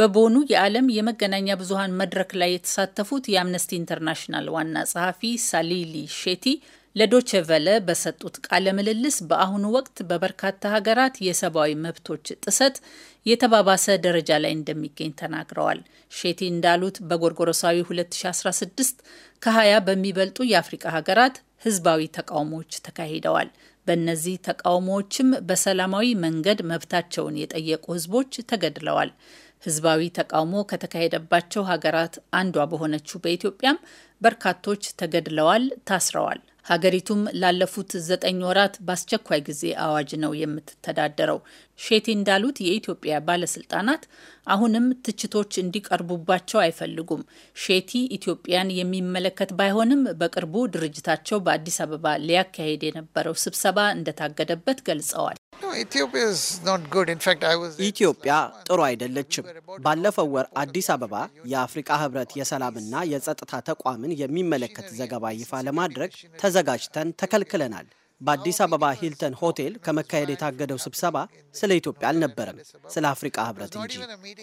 በቦኑ የዓለም የመገናኛ ብዙሃን መድረክ ላይ የተሳተፉት የአምነስቲ ኢንተርናሽናል ዋና ጸሐፊ ሳሊሊ ሼቲ ለዶቼ ቨለ በሰጡት ቃለ ምልልስ በአሁኑ ወቅት በበርካታ ሀገራት የሰብአዊ መብቶች ጥሰት የተባባሰ ደረጃ ላይ እንደሚገኝ ተናግረዋል። ሼቲ እንዳሉት በጎርጎሮሳዊ 2016 ከ20 በሚበልጡ የአፍሪቃ ሀገራት ህዝባዊ ተቃውሞዎች ተካሂደዋል። በእነዚህ ተቃውሞዎችም በሰላማዊ መንገድ መብታቸውን የጠየቁ ህዝቦች ተገድለዋል። ህዝባዊ ተቃውሞ ከተካሄደባቸው ሀገራት አንዷ በሆነችው በኢትዮጵያም በርካቶች ተገድለዋል፣ ታስረዋል። ሀገሪቱም ላለፉት ዘጠኝ ወራት በአስቸኳይ ጊዜ አዋጅ ነው የምትተዳደረው። ሼቲ እንዳሉት የኢትዮጵያ ባለስልጣናት አሁንም ትችቶች እንዲቀርቡባቸው አይፈልጉም። ሼቲ ኢትዮጵያን የሚመለከት ባይሆንም በቅርቡ ድርጅታቸው በአዲስ አበባ ሊያካሄድ የነበረው ስብሰባ እንደታገደበት ገልጸዋል። ኢትዮጵያ ጥሩ አይደለችም። ባለፈው ወር አዲስ አበባ የአፍሪቃ ህብረት የሰላምና የጸጥታ ተቋምን የሚመለከት ዘገባ ይፋ ለማድረግ ተዘጋጅተን ተከልክለናል። በአዲስ አበባ ሂልተን ሆቴል ከመካሄድ የታገደው ስብሰባ ስለ ኢትዮጵያ አልነበረም፣ ስለ አፍሪቃ ህብረት እንጂ።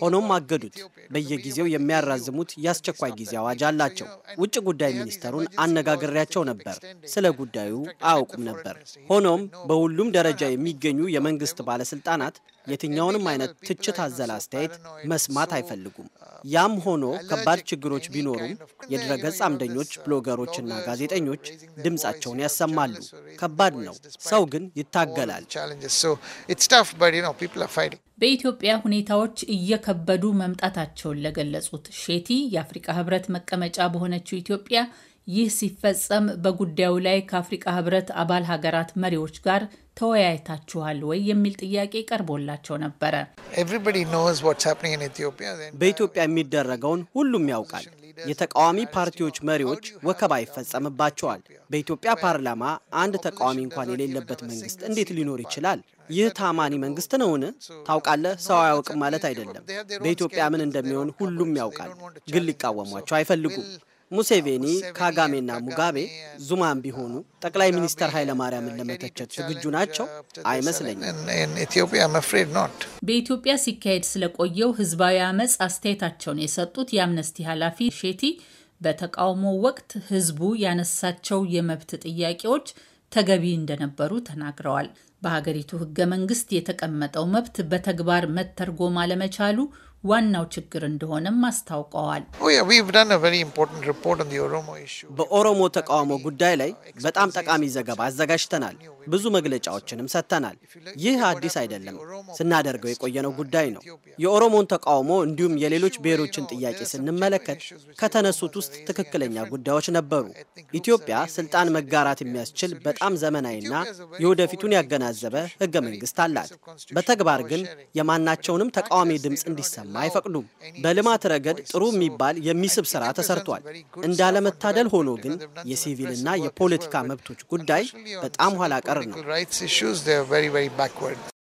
ሆኖም አገዱት። በየጊዜው የሚያራዝሙት የአስቸኳይ ጊዜ አዋጅ አላቸው። ውጭ ጉዳይ ሚኒስተሩን አነጋግሬያቸው ነበር። ስለ ጉዳዩ አያውቁም ነበር። ሆኖም በሁሉም ደረጃ የሚገኙ የመንግስት ባለስልጣናት የትኛውንም አይነት ትችት አዘል አስተያየት መስማት አይፈልጉም። ያም ሆኖ ከባድ ችግሮች ቢኖሩም የድረገጽ አምደኞች፣ ብሎገሮችና ጋዜጠኞች ድምፃቸውን ያሰማሉ። ከባድ ከባድ ነው። ሰው ግን ይታገላል። በኢትዮጵያ ሁኔታዎች እየከበዱ መምጣታቸውን ለገለጹት ሼቲ የአፍሪቃ ህብረት መቀመጫ በሆነችው ኢትዮጵያ ይህ ሲፈጸም በጉዳዩ ላይ ከአፍሪቃ ህብረት አባል ሀገራት መሪዎች ጋር ተወያይታችኋል ወይ የሚል ጥያቄ ቀርቦላቸው ነበረ። በኢትዮጵያ የሚደረገውን ሁሉም ያውቃል። የተቃዋሚ ፓርቲዎች መሪዎች ወከባ ይፈጸምባቸዋል። በኢትዮጵያ ፓርላማ አንድ ተቃዋሚ እንኳን የሌለበት መንግስት እንዴት ሊኖር ይችላል? ይህ ታማኒ መንግስት ነውን? ታውቃለህ፣ ሰው አያውቅም ማለት አይደለም። በኢትዮጵያ ምን እንደሚሆን ሁሉም ያውቃል፣ ግን ሊቃወሟቸው አይፈልጉም። ሙሴቬኒ፣ ካጋሜና ሙጋቤ ዙማን ቢሆኑ ጠቅላይ ሚኒስተር ኃይለማርያምን ለመተቸት ዝግጁ ናቸው አይመስለኝም። በኢትዮጵያ ሲካሄድ ስለቆየው ህዝባዊ አመፅ አስተያየታቸውን የሰጡት የአምነስቲ ኃላፊ ሼቲ በተቃውሞ ወቅት ህዝቡ ያነሳቸው የመብት ጥያቄዎች ተገቢ እንደነበሩ ተናግረዋል። በሀገሪቱ ህገ መንግስት የተቀመጠው መብት በተግባር መተርጎም አለመቻሉ ዋናው ችግር እንደሆነም አስታውቀዋል። በኦሮሞ ተቃውሞ ጉዳይ ላይ በጣም ጠቃሚ ዘገባ አዘጋጅተናል። ብዙ መግለጫዎችንም ሰጥተናል። ይህ አዲስ አይደለም፣ ስናደርገው የቆየነው ጉዳይ ነው። የኦሮሞን ተቃውሞ እንዲሁም የሌሎች ብሔሮችን ጥያቄ ስንመለከት ከተነሱት ውስጥ ትክክለኛ ጉዳዮች ነበሩ። ኢትዮጵያ ስልጣን መጋራት የሚያስችል በጣም ዘመናዊና የወደፊቱን ያገናዘበ ህገ መንግስት አላት። በተግባር ግን የማናቸውንም ተቃዋሚ ድምፅ እንዲሰማ አይፈቅዱም። በልማት ረገድ ጥሩ የሚባል የሚስብ ስራ ተሰርቷል። እንዳለመታደል ሆኖ ግን የሲቪልና የፖለቲካ መብቶች ጉዳይ በጣም ኋላ ቀር ነው።